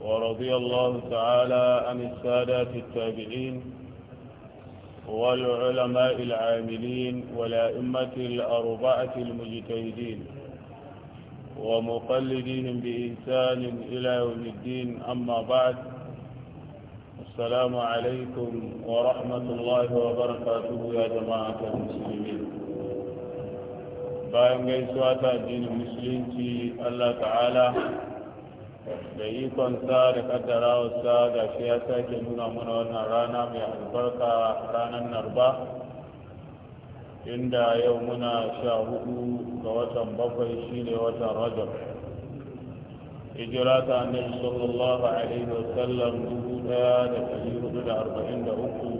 ورضي الله تعالى عن السادات التابعين والعلماء العاملين والأئمة الأربعة المجتهدين ومقلدين بإنسان إلى يوم الدين أما بعد السلام عليكم ورحمة الله وبركاته يا جماعة المسلمين جئت جيسوات الدين المسلمين الله تعالى da ikon sa da kaddarawa sa ga shi ya sake nuna mana wannan rana mai albarka ranar narba inda yau muna sha hudu ga watan bakwai shine watan rajab hijira ta annabi sallallahu alaihi sallam dubu daya da dari hudu da arba'in da uku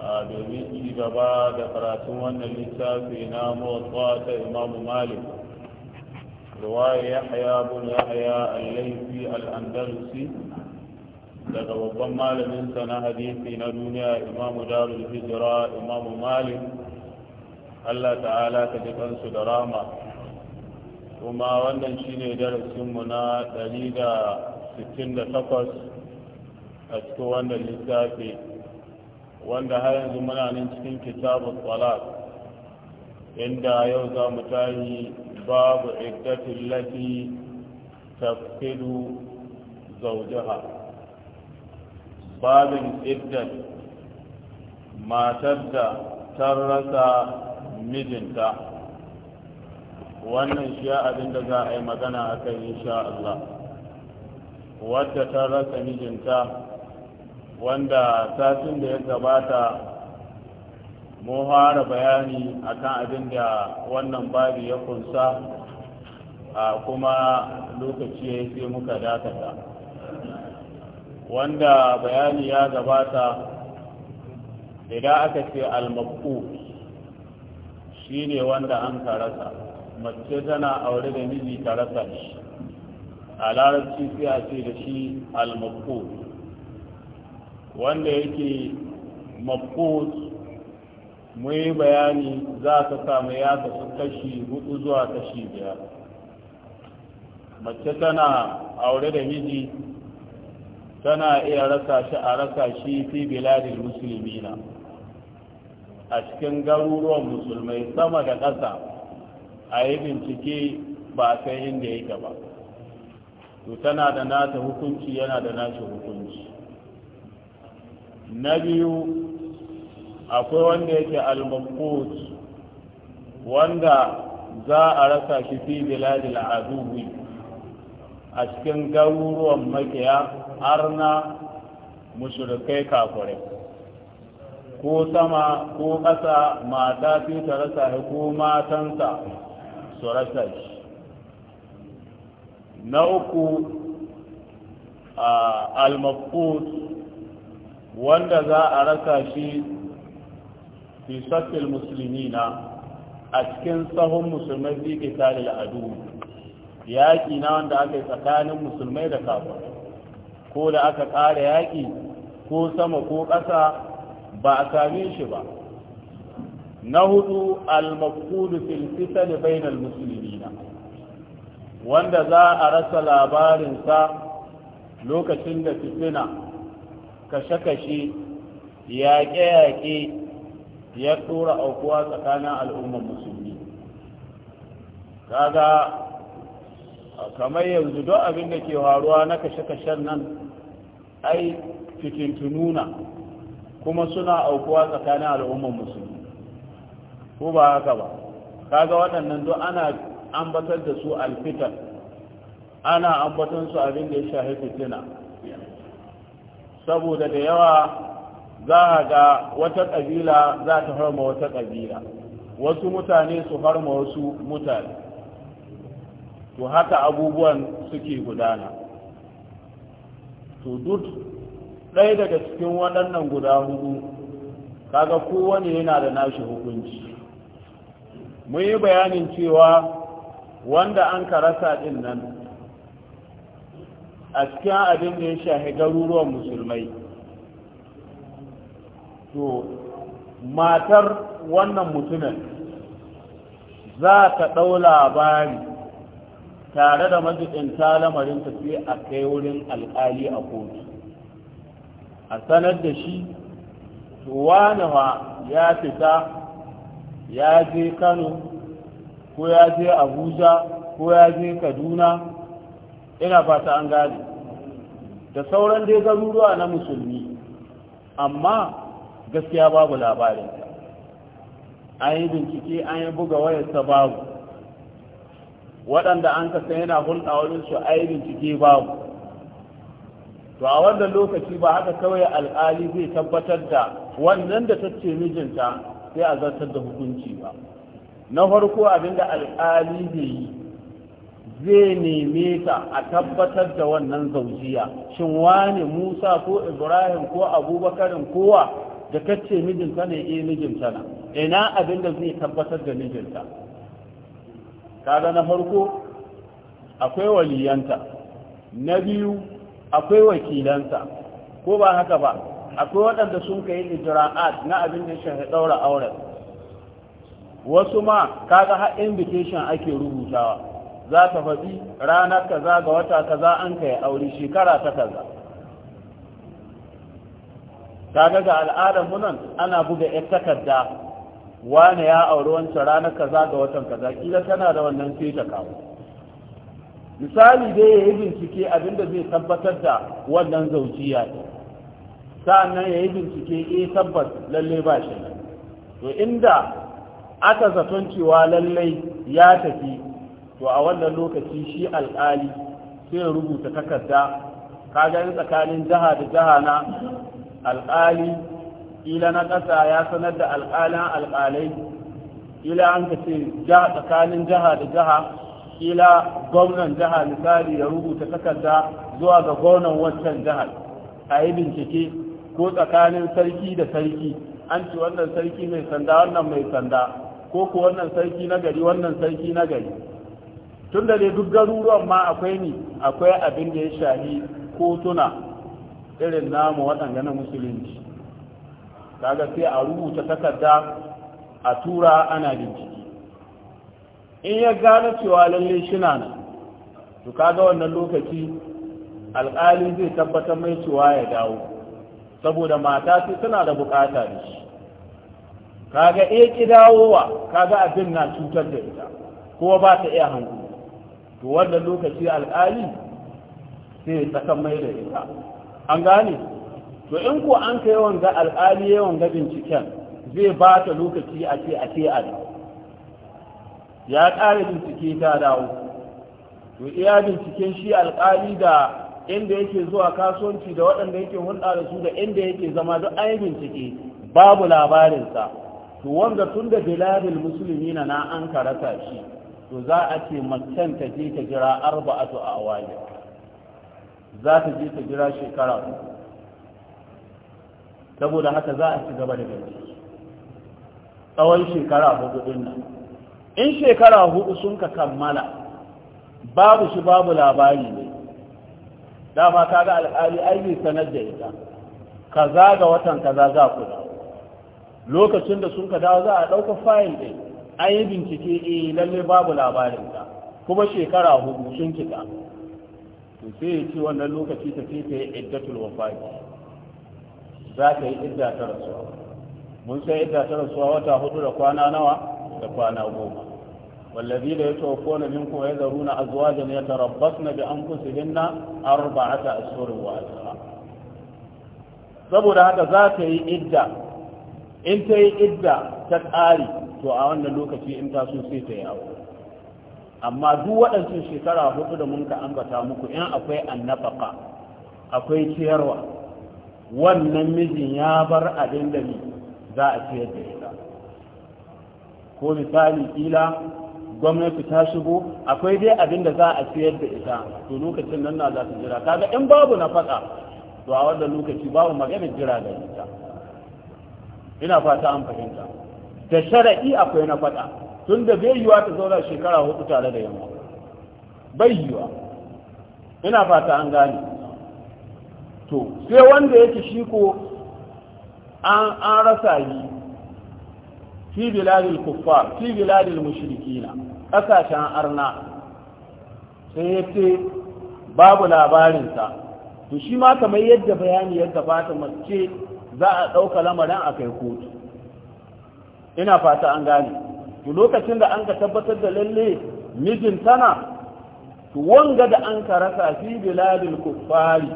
a domin ci gaba da karatun wannan littafi na motsa ta imamu malik رواية يحيى بن يحيى الليثي الأندلسي daga babban malaminsa na hadisi na duniya imamu darul hijira imamu malik allah ta'ala ka ji kansu da rama kuma wannan shine darasinmu na 168 a cikin wannan lissafi wanda har yanzu muna nan cikin kitabu salat inda yau za mu tayi Babu باب عدة التي تفقد زوجها باب matar da ta rasa mijinta wannan shi abin da za a yi magana a kai insha Allah wadda ta rasa mijinta wanda satin da ya gabata Mu fara bayani akan abin da wannan babi ya kunsa a kuma lokaci ya sai muka dakata wanda bayani ya gabata idan aka ce almaku shi ne wanda an karasa mace tana aure da miji karasa shi a sai a ce da shi almaku wanda yake mafkut muyi bayani za ta samu ya su kashi hudu zuwa kashi biyar mace tana aure da miji tana iya rasa shi a rasa shi fi biladin musulmina a cikin garuruwan musulmai sama da ƙasa a yi bincike ba a san inda yake ba to tana da nata hukunci yana da nashi hukunci na biyu akwai wanda yake al-maqut wanda za a rasa shi fi biladil aduwi a cikin garuruwan makiya arna mushrikai kafirai ko sama ko ƙasa mata fi ta rasa shi ko matansa su rasa shi na uku al wanda za a rasa shi fi musulmi na a cikin sahun musulmai tare da adu yaƙi na wanda aka yi tsakanin musulmai da kafirai ko da aka ƙara yaƙi ko sama ko ƙasa ba a same shi ba na hudu almakudu mafqudu fil da musulmi na wanda za a rasa labarinsa lokacin da fitina kashe-kashe yaƙe-yaƙe ya ɗora aukuwa tsakanin al'ummar musulmi kaga kamar yanzu don abin da ke faruwa na kashe-kashen nan ai fitintununa kuma suna aukuwa tsakanin al'ummar musulmi ko ba haka ba kaga waɗannan don ana ambatar da su alfitar ana ambatar su abin da ya shahi fitina saboda da yawa za a ga wata ƙabila za ta harma wata ƙabila wasu mutane su harma wasu mutane to haka abubuwan suke gudana to duk ɗaya daga cikin waɗannan guda hudu kaga kowane yana da nashi hukunci mun yi bayanin cewa wanda an karasa ɗin nan a cikin abin da ya shahi garuruwan musulmai to matar wannan mutumin za ta ɗau labari tare da majiɗinta lamarin tafi a kai wurin alƙali a kotu a sanar da shi tuwanawa ya fita ya je kano ko ya je abuja ko ya je kaduna ina fata an gane da sauran dai garuruwa na musulmi amma gaskiya babu labarin an yi bincike an yi buga wayarsa babu waɗanda an kasa yana hulɗa wurin su an yi bincike babu to a wannan lokaci ba haka kawai al'ali zai tabbatar da wannan da ta ce mijinta sai a zartar da hukunci ba na farko abinda al'ali zai yi zai neme ta a tabbatar da wannan zaujiya shin wane musa ko ibrahim ko abubakarin kowa da kace mijinta ne eh mijinta na ina abin da zai tabbatar da mijinta kaga na farko akwai waliyanta na biyu akwai wakilanta ko ba haka ba akwai waɗanda sun kai ijra'at na abin da shi daura auren wasu ma kaga har invitation ake rubutawa za ta faɗi ranar kaza ga wata kaza an kai aure shekara ta kaza kaga ga al'adar mu nan ana buga yar takarda wane ya auri wancan ranar kaza ga watan kaza kila tana da wannan sai kawo misali dai ya yi bincike abinda zai tabbatar da wannan zaujiya ne sa'annan ya yi bincike eh tabbas lalle ba shi to inda aka zaton cewa lalle ya tafi to a wannan lokaci shi alkali sai rubuta takarda kaga tsakanin jiha da jiha na alƙali ila na ƙasa ya sanar da alƙalin alƙalai ila an ka ce tsakanin jiha da jiha ila gwamnan jiha misali ya rubuta takarda zuwa ga gwamnan wancan jihar a yi bincike ko tsakanin sarki da sarki an ce wannan sarki mai sanda wannan mai sanda ko ku wannan sarki na gari wannan sarki na gari tun da dai duk garuruwan ma akwai ni akwai abin da ya shahi kotuna irin namu waɗanda na musulunci kaga sai a rubuta takarda a tura ana bincike in ya gane cewa lalle shina nan to kaga wannan lokaci alƙali zai tabbatar mai cewa ya dawo saboda mata su suna da bukata da shi kaga e ki dawowa kaga abin na cutar da ita ko ba ta iya hankali to wannan lokaci alƙali sai ya tsakan mai da ita an gane to in ko an kai yawan ga al'ali yawan ga binciken zai ba ta lokaci a ce a ce a ya ƙara bincike ta dawo to iya binciken shi alƙali da inda yake zuwa kasuwanci da waɗanda yake hulɗa da su da inda yake zama duk an yi bincike babu labarinsa to wanda tun da musulmi na na an karata shi to za a ce macen ta je ta jira arba'atu a awali za ta je ta jira shekara saboda haka za a ci gaba da gani tsawon shekara hudu din nan in shekara hudu sun ka kammala babu shi babu labari ne dama ka ga alƙali ai sanar da ita kaza ga watan kaza za ku dawo lokacin da sun ka dawo za a ɗauka fayil ɗin an yi bincike eh lalle babu labarin ta kuma shekara hudu sun kika to sai ya ce wannan lokaci ta ce ta yi iddatul wafati za ka yi idda ta rasuwa mun sai idda ta rasuwa wata hudu da kwana nawa da kwana goma ya ko na min da والذين يتوفون منكم ويذرون أزواجا يتربصن بأنفسهن أربعة أشهر وأسرا saboda haka za ta yi idda in ta yi idda ta ƙari to a wannan lokaci in ta so sai ta yi aure amma duk waɗancin shekara hudu da munka ka ambata muku in akwai annafaka akwai ciyarwa wannan mijin ya bar abin da za a ciyar da ita ko misali kila gwamnati ta shigo akwai dai abin da za a ciyar da ita to lokacin nan na za ta jira kaga in babu na faɗa to a wannan lokaci babu maganin jira da ita ina fata an fahimta da shara'i akwai na faɗa tun da bai yiwa ta zauna shekara hudu tare da yamma bai yiwa ina fata an gane to sai wanda yake shi ko an rasa yi fi biladil kuffar fi biladil mushrikina kasashen arna sai yace babu labarinsa to shi ma kamar yadda bayani yadda fata mace za a ɗauka lamarin a kai kotu ina fata an gane to lokacin da an ka tabbatar da lalle mijin tana to wanga da an ka rasa fi biladil kuffari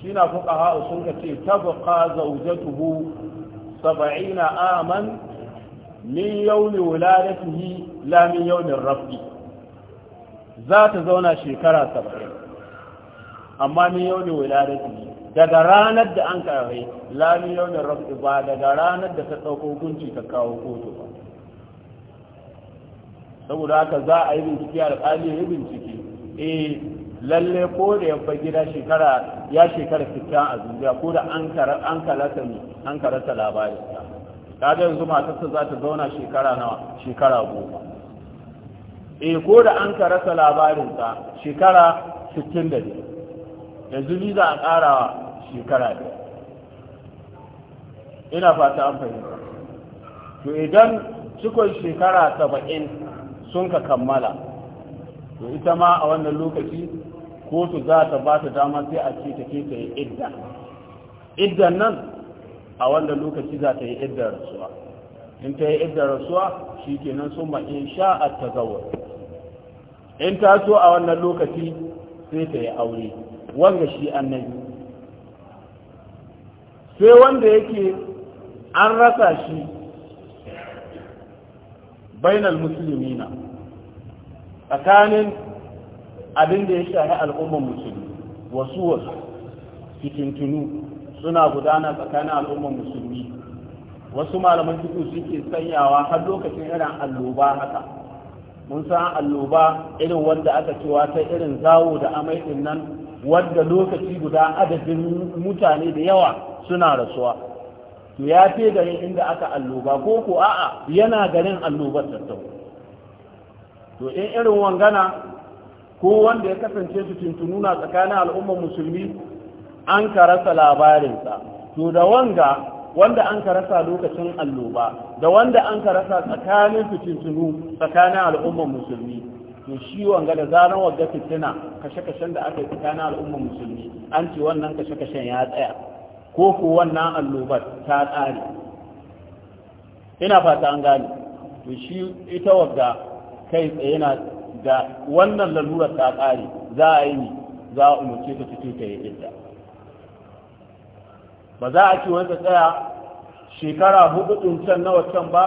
shi na fuka ha'u sun ka ce tabqa zaujatuhu saba'ina aman min yawmi wuladatihi la min yawmin rafi za ta zauna shekara saba'in amma min yawmi wuladatihi daga ranar da an ka rai la min yawmin rafi ba daga ranar da ta ɗauko gunji ta kawo kotu ba saboda haka za a yi bincike alƙali ya yi bincike E, lalle ko da ya fa gida shekara ya shekara fitan a duniya ko da an kara an kalata ne an karata labarin ta kaga yanzu ta za ta zauna shekara nawa shekara goma e ko da an karata labarin ta shekara 65 yanzu ni za a ƙara shekara da ina fata an fahimta to idan cikon shekara 70 sun ka kammala to ita ma a wannan lokaci kotu za ta ba ta dama sai a ce ta ke ta yi idda iddan nan a wannan lokaci za ta yi idda rasuwa in ta yi idda rasuwa shi nan sun ma in sha a tazawar in ta so a wannan lokaci sai ta yi aure wanda shi annabi sai wanda yake an rasa shi bainal musulmina tsakanin abin da ya shahi al'ummar musulmi wasu wasu fitintunu suna gudana tsakanin al'ummar musulmi wasu malaman fito suke sanyawa har lokacin irin alloba haka mun san alloba irin wanda aka cewa ta irin zawo da amai din nan wanda lokaci guda adadin mutane da yawa suna rasuwa to ya fi garin inda aka alloba ko ko a'a yana garin allobar tattau to in irin wangana ko wanda ya kasance su tuntununa tsakanin al'ummar musulmi an ka rasa labarinsa to da wanga wanda an ka rasa lokacin alloba da wanda an ka rasa tsakanin tuntunu tsakanin al'ummar musulmi to shi wanga da zaran wagga fitina kashe-kashen da aka yi tsakanin al'ummar musulmi an ce wannan kashe-kashen ya tsaya ko ko wannan allobar ta tsari, ina fata an gane to shi ita wadda kai tsaye na da wannan lalurar ta tsari za a yi ni za a umarce ta fito ta yi idda ba za a ce wata tsaya shekara hudu din can na waccan ba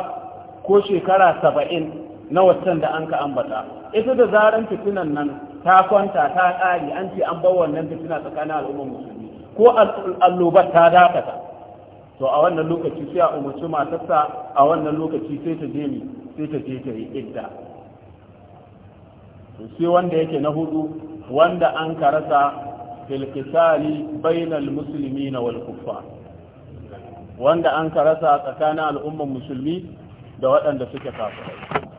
ko shekara saba'in na waccan da an ka ambata ita da zaran fitinan nan ta kwanta ta tsari, an ce an bar wannan fitina tsakanin al'ummar musulmi ko annobar ta dakata to a wannan lokaci sai a umarci matarsa a wannan lokaci sai ta je ni sai ta je ta yi idda to sai wanda yake na hudu wanda an karasa filkisari bainal musulmi na wal wanda an karasa tsakanin al'umman musulmi da waɗanda suke kafirai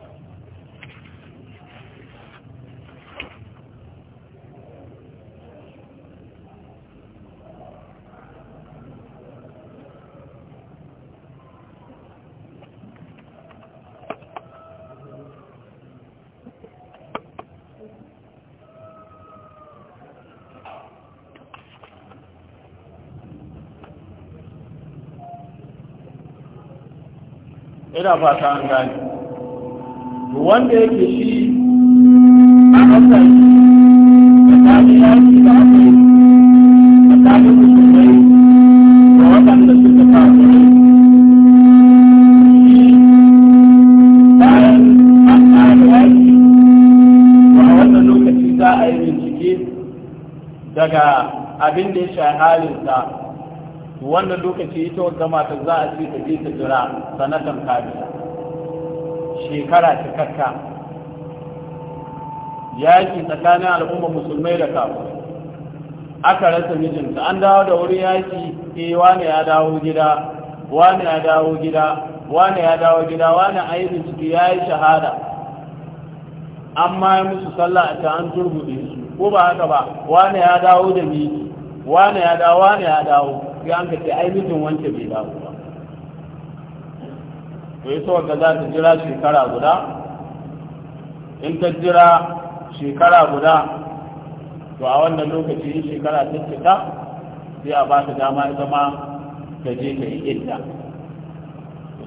ina fata an gani wanda yake shi a da tafi yaki da aka yi da tafi da bayan an a wannan za a daga abin da ya sa, wannan lokaci ita wata mata za a ce ta ce ta jira sanatan kamila shekara cikakka yaƙi tsakanin al'umma musulmai da kafu aka rasa mijinta an dawo da wuri yaƙi e eh, wane ya dawo gida wane ya dawo gida wane ya dawo gida wane aibin ciki ya yi shahada an ma musu sallah a ta an turbuɗe su ko ba haka ba wane ya dawo da miki wane ya dawo wane ya dawo ya an ka ce ai mijin wance bai dawo to sau wanda za ta jira shekara guda in ta jira shekara guda to a wannan lokaci shekara ta cika sai a ba ta dama ita ma ta je ta yi idda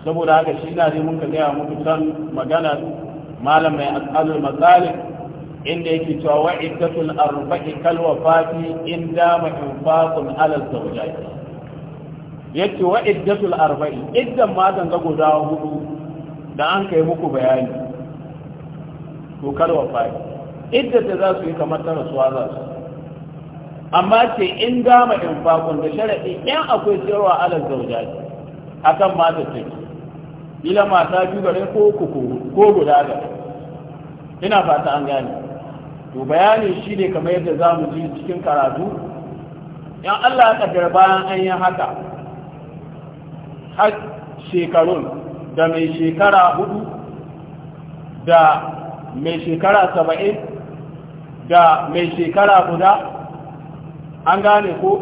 saboda haka shi na ne muka gaya muku san maganar malam mai al'adul matsalin inda yake cewa wa'iddatul arba'i kal wafati in dama fasun alal zaujaki yake wa iddatul arba'i iddan ma zanga guda hudu da an kai muku bayani to kalwa fa'i iddata za su yi kamar ta rasuwa za su amma ce in dama in fakon da sharaɗi in akwai siyarwa alal zauja ce a kan mata ce ila mata biyu gare ko kuku ko guda da ina fata an gane to bayani shi ne kamar yadda za mu ji cikin karatu Yan allah ya kaddara bayan an yi haka har shekarun da mai shekara hudu da mai shekara saba'in da mai shekara guda an gane ko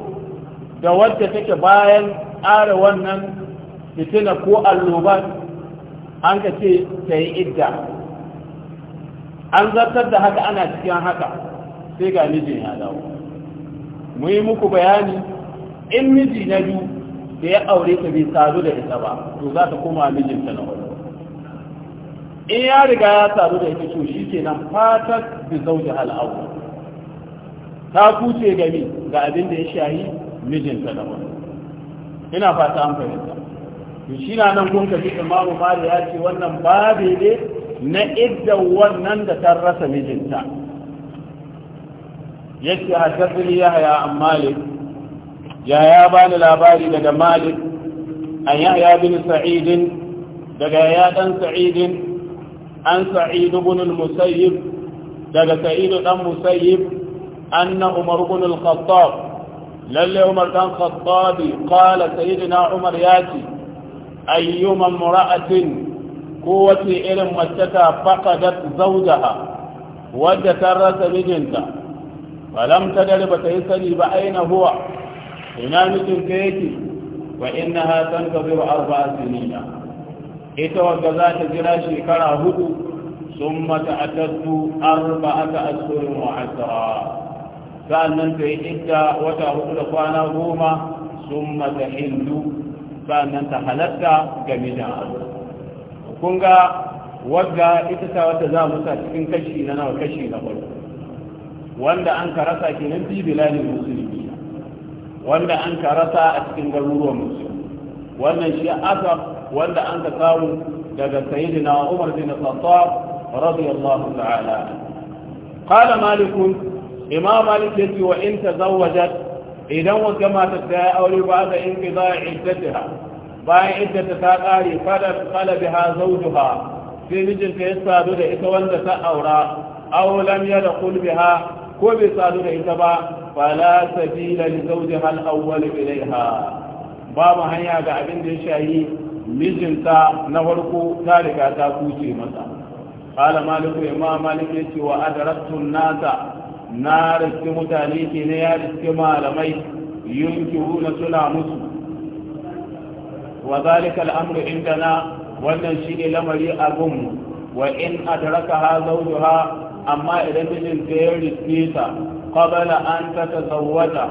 da wadda take bayan tsara wannan fitina ko alloban an ka ce ta yi idda an zartar da haka ana cikin haka sai ga mijin ya dawo mu yi muku bayani in miji na biyu da ya aure ta bai sadu da ita ba to za ta koma mijinta na wani in ya riga ya sadu da ita to shi ke nan fatar da zauji ta kuce gami ga abin da ya shayi mijinta na wani ina fata an fahimta to shi na nan kun kaji imamu mari ya ce wannan babe ne na idda wannan da ta rasa mijinta yake haddasa ya haya an malik ya ya bani labari daga malik an ya bin sa'idin daga ya dan sa'idin an Sa'idu ibn musayyib daga sa'id dan musayyib na umar ibn al-khattab lalle umar dan khattab qala sayyidina umar yati ayyuma imra'atin kowace irin mace ta faqadat zawjaha wadda ta rasa mijinta falam dare ba ta yi sani ba aina huwa ina nufin ka yake wa inna ha san ka wa arba sinina ita wanda za ta jira shekara hudu sun mata a tattu arba aka asurin wa asara sa'annan ta yi ita wata hudu da kwana goma sun mata hindu sa'annan ta halatta ga da aure kun ga wadda ita ta wata za mu sa cikin kashi na nawa kashi na farko wanda an karasa kenan bibila ne musulmi wanda an karata a cikin garuruwan musulmi wannan shi asar wanda an ka samu daga sayyidina umar bin khattab radiyallahu ta'ala qala malik imam malik yace wa in tazawwajat idan wata mata ta aure ba da in qida bayan iddata ta kare fadar zau zawjuha sai mijinta ya sadu da ita wanda ta aura aw lam yadkhul biha ko bai sadu da ita ba fala sabila li zawjiha al-awwal ilayha babu hanya ga abin da ya shayi mijinta na farko ta riga ta kuce masa qala maliku imam malik yace wa adrattu nasa na riske mutane ke ne ya riske malamai na suna musu wa zalika al-amru indana wannan shine lamari a gunmu wa in adraka ha zawjuha amma idan mijin ta ya riske ta qabala an ta tazawwaja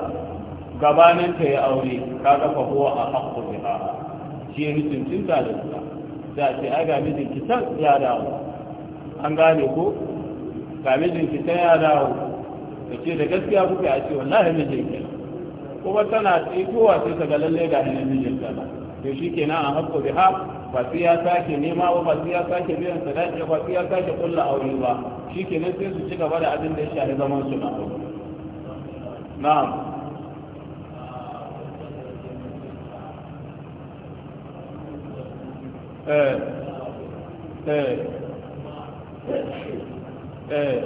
gabanin ta ya aure ka kafa huwa a haqqu ƙara shi ya mutuncin cinta da ta a ce ai ga mijin kisa ya dawo an gane ko ga mijin kisa ya dawo da ce da gaskiya kuka a ce wallahi mijin ki kuma tana tsikowa sai ta ga lalle ga mijin ta to shi ke nan a haƙo biha ba su ya sake nema ba ba su ya sake biyan sadaki ba su ya sake kulla aure ba shi ke nan sai su ci gaba da abin da ya shafi zaman su na na'am eh, eh,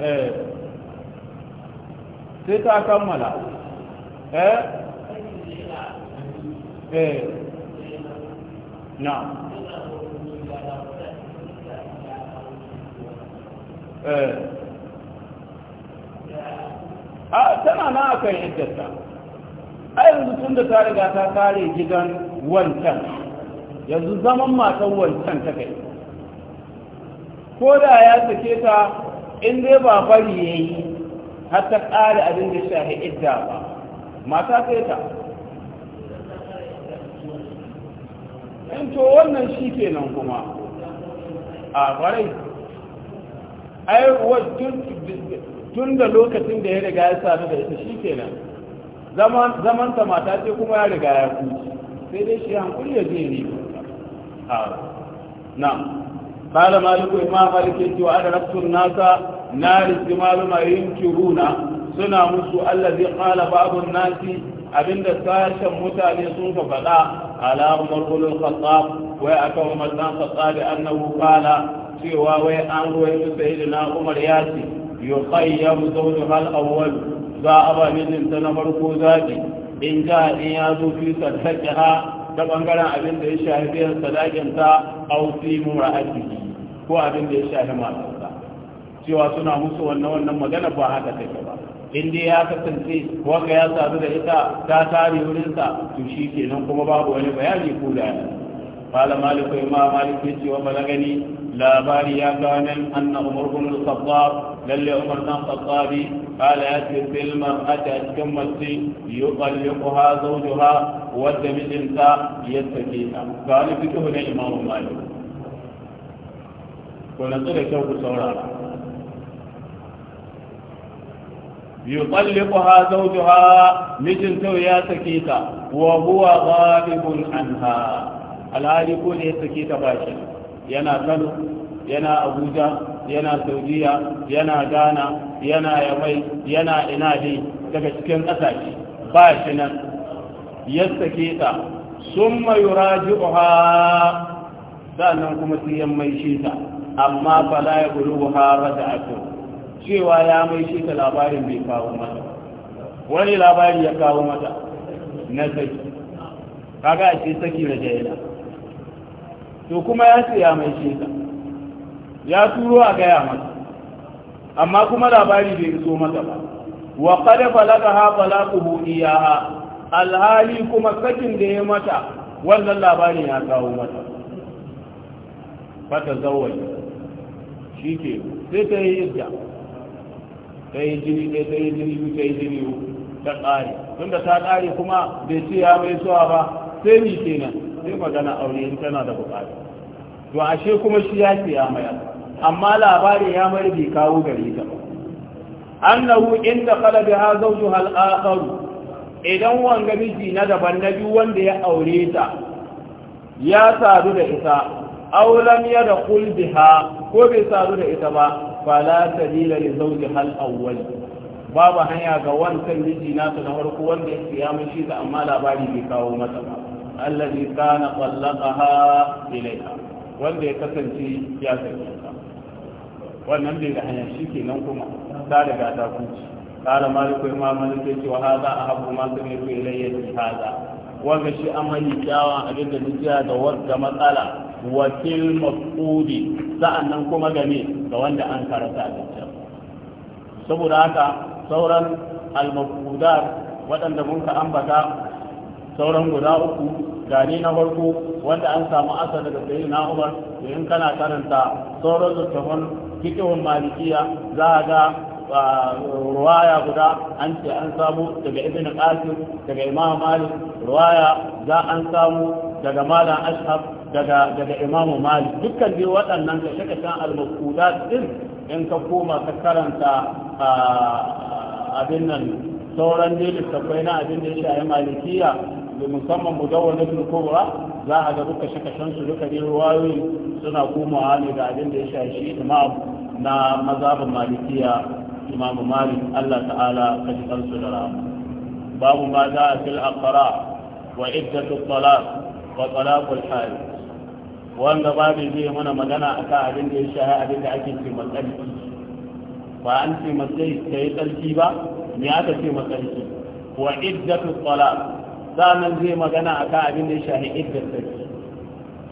eh, sai ta kammala Eh? Eh. eh a tana na akan hajjata a yanzu tun da ta riga ta kare gidan wancan yanzu zaman matan wancan ta kai ko da ya sake ta in dai ba bari ya yi har ta ƙare abin da shahi idda ba mata sai ta in eh, to wannan shi kenan kuma a kwarai ai tun da lokacin da ya riga ya sami da ita shi kenan zaman ta mata ce kuma ya riga ya ku sai dai shi hankuli ya zai ne a na قال مالك إمام مالك وأنا نفس الناس نار استمال ما ينكرون suna musu Allah allazi qala ba'dun nasi abinda sashen mutane sun ka faɗa ala umar ulul khattab wai aka umar dan khattabi annahu kala cewa wai an ruwaito na umar ya ce yuqayyam zawju hal awwal za a ba mijin ta na farko zaki in ja in ya zo fi sadaqiha da bangaren abin da ya shafi biyan sadakin ta aw fi mura'atihi ko abin da ya shafi matarsa cewa suna musu wannan wannan magana ba haka take ba in ya kasance wanda ya sadu da ita ta tare wurinsa to shi kuma babu wani bayani ko da قال مالك إمام مالك يسي وبلغني لا باري يا كامل أن عمر بن الخطاب للي عمر بن الخطاب قال يأتي في المرأة أتكم يطلقها زوجها ودم الإنساء يستكيها قال فكه إمام مالك ونصر شوك yutalliquha zawjuha mijin tau ya sake ta wa huwa ghalibun anha alhali ko ne ya sake ta bashi yana Kano yana Abuja yana Saudiya yana Ghana yana Yamai yana ina daga cikin ƙasashe ba shi nan ya sake ta summa yuraji'uha sannan kuma sai ya maishe ta amma fala ya buluha rada'atu cewa ya mai shi ta labarin bai kawo mata wani labari ya kawo mata na saki kaga a ce saki da jaila to kuma ya ce ya mai shi ta ya turo a gaya mata amma kuma labari bai iso mata ba wa qad balagaha balaquhu iyaha alhali kuma sakin da ya mata wannan labarin ya kawo mata fata zawai shi ke sai ta yi yadda ta yi jini ɗaya ta yi jini biyu ta yi jini uku ta ƙare tunda ta ƙare kuma bai ce ya mai suwa ba sai ni kenan sai magana aure in tana da buƙata to ashe kuma shi ya ce ya maya amma labarin ya mai bai kawo gare ta annahu inda bi ha zawjuha hal akhar idan wanga miji na daban na biyu wanda ya aure ta ya sadu da ita Aulam ya da kul biha ko bai sadu da ita ba fala sabila li zawji hal awwal babu hanya ga wancan miji nasa na farko wanda ya siya mishi da amma labari bai kawo masa ba allazi kana qallaqaha ilayha wanda ya kasance ya sake ta wannan bai da hanya nan kuma ta daga ta kuci qala maliku ma maliku ce wa hadha ahabbu ma sami'tu ilayya bi hadha wanda shi amali kyawun abinda da nijiya da wadda matsala Wakil mafudi sa'annan kuma game ga wanda an karanta a cikin saboda haka sauran al waɗanda mun ka ambata sauran guda uku gane na farko wanda an samu asa daga sayi na umar in kana karanta sauran littafin fikihun malikiya za a ga ruwaya guda an ce an samu daga ibn qasim daga imam malik ruwaya za an samu daga malam ashab daga imam malik dukkan dai waɗannan kashe kashen al-maqudat din in ka koma ka karanta abin nan sauran ne na abin da ya malikiya musamman mudawwalatul kubra za a ga duka shakashan su duka ne ruwayoyi suna komawa ne ga abin da ya shafi imam na mazhabin malikiya imamu malik Allah ta'ala ka ji kansu da rama babu ma za a fil aqra wa iddatu talaq wa talaqul hal wanda babu zai mana magana akan abin da ya shara abin da ake ce matsarki ba an ce matsayi ta yi tsarki ba me aka ce matsarki wa iddatu talaq sanan zai magana akan abin da ya shara iddat tsarki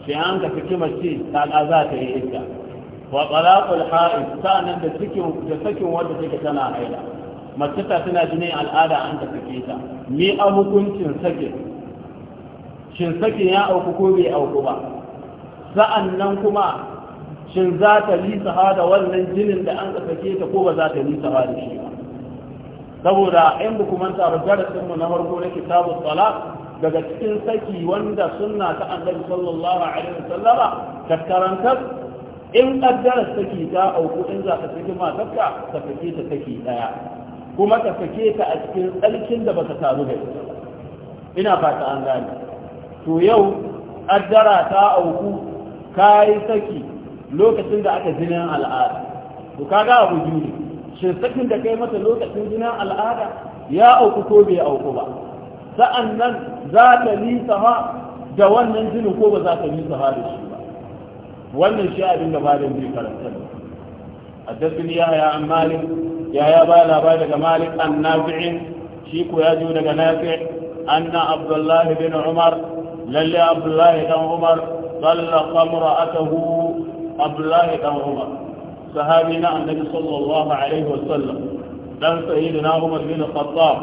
sai an ka fi ce ta za ta yi idda wa talaqul ha'id sa'annan da cikin da sakin wanda take tana haila mace ta tana jinin al'ada an ta take ta me a hukuncin sakin shin sakin ya auku ko bai auku ba Sa'an nan kuma shin za ta lisa hada wannan jinin da an ka sake ta ko ba za ta lisa hada shi ba saboda in ba kuma ta darasin mu na farko na kitabu tsala daga cikin saki wanda sunna ta annabi sallallahu alaihi wasallama ta karantar in ƙaddarar saki ta auku in za ka saki matarka ka fake ta saki ɗaya kuma ka fake ta a cikin tsarkin da baka taru da ita ina fata an gane to yau ƙaddara ta auku ka yi saki lokacin da aka jinin al'ada to ka ga abu biyu ne shin sakin da kai mata lokacin jinin al'ada ya auku ko bai auku ba sa'an nan za ta nisa da wannan jinin ko ba za ta nisa da shi wannan shi abin da malam zai karanta حدثني يحيى عن مالك ya بقى لابا daga مالك عن نافع shi ko ya ji daga nafi anna abdullahi bin umar lalle abdullahi dan umar tsallaka mura'atahu abdullahi dan umar sahabi na annabi sallallahu alaihi wasallam dan na umar bin khattab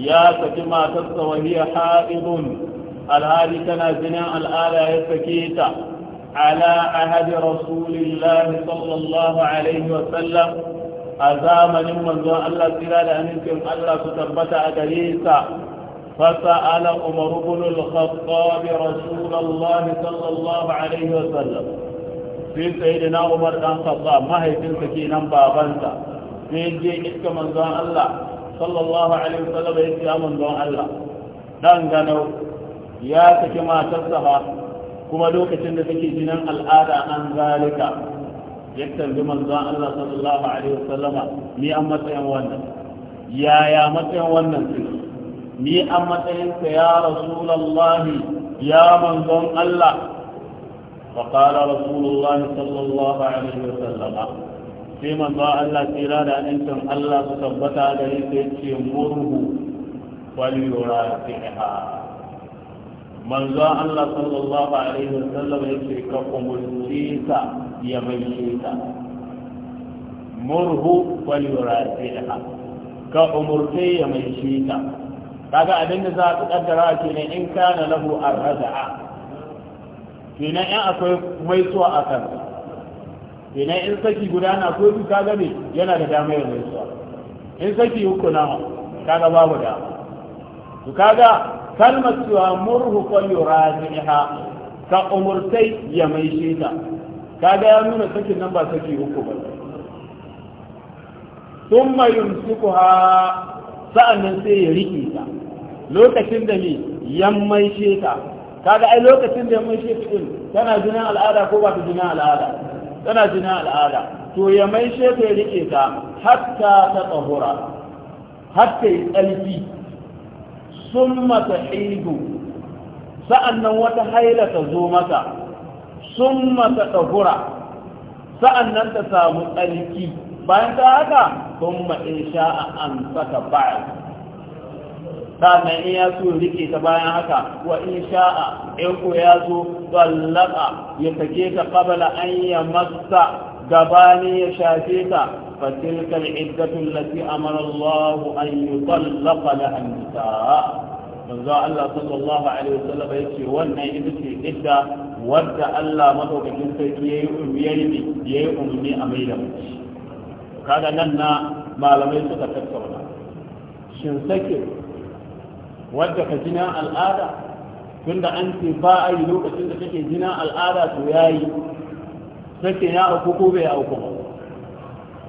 ya saki matarsa wa hiya ha'idun alhali tana zinin al'ada ya sake ta على أهد رسول الله صلى الله عليه وسلم أزامن من ذو الله سلال أنكم الله تثبت أدريسا فسأل عمر بن الخطاب رسول الله صلى الله عليه وسلم في سيدنا عمر بن الخطاب ما هي تنسكي نمبا بنتا في جي إسك من ذو الله صلى الله عليه وسلم إسك من ذو الله دان غنو يا سكما تصحى kuma lokacin da take jinan al'ada an zalika ya tambi manzon Allah sallallahu alaihi wasallama ni an matsayin wannan yaya matsayin wannan ni an matsayin ka ya rasulullahi ya manzon Allah فقال رسول الله Sallallahu Alaihi عليه وسلم sai manzo Allah tsira da ɗancin Allah su tabbata da yake ce murhu wal yura fiha manzo Allah sallallahu alaihi ya yake ka umurce ta ya maishe ta murhu wal yurasiha ka umurce ya maishe ta kaga abin da za ka kaddara kenan in kana lahu arza'a kenan in akwai maisuwa a kan kenan in saki guda na akwai su kaga ne yana da dama ya maisuwa in saki uku na kaga babu dama to kaga kalmar cewa murhu kwayo raziha ka umurtai ya mai Ka ga ya nuna sakin nan ba saki uku ba sun mayun suku ha nan sai ya riƙe ta lokacin da ne yammai sheta ga ai lokacin da yammai sheta din tana jinan al'ada ko ba ta jinin al'ada tana jinan al'ada to yammai sheta ya riƙe ta hatta ta tsahura hatta ya tsalfi sun mata idu sa'annan wata haila ta zo maka sun mata ɗahura sa'annan ta samu tsarki bayan ta haka sun ma'in sha'a an saka ba'a sa'annan in ya so rike ta bayan haka wa in sha'a in ko ya zo, tsallaka ya take ta kabala an ya masta gabani ya shafe ta فتلك العدة التي أمر الله أن يطلق لها النساء manzo Allah sallallahu alaihi wasallam yace wannan ita ce idda wadda Allah madaukakin sarki yayi yayi ne yayi da mace kaga nan na malamai suka tattauna shin sake wadda ka jina al'ada tunda an ce ba a yi lokacin da take jina al'ada to sake ya auku ko bai auku ba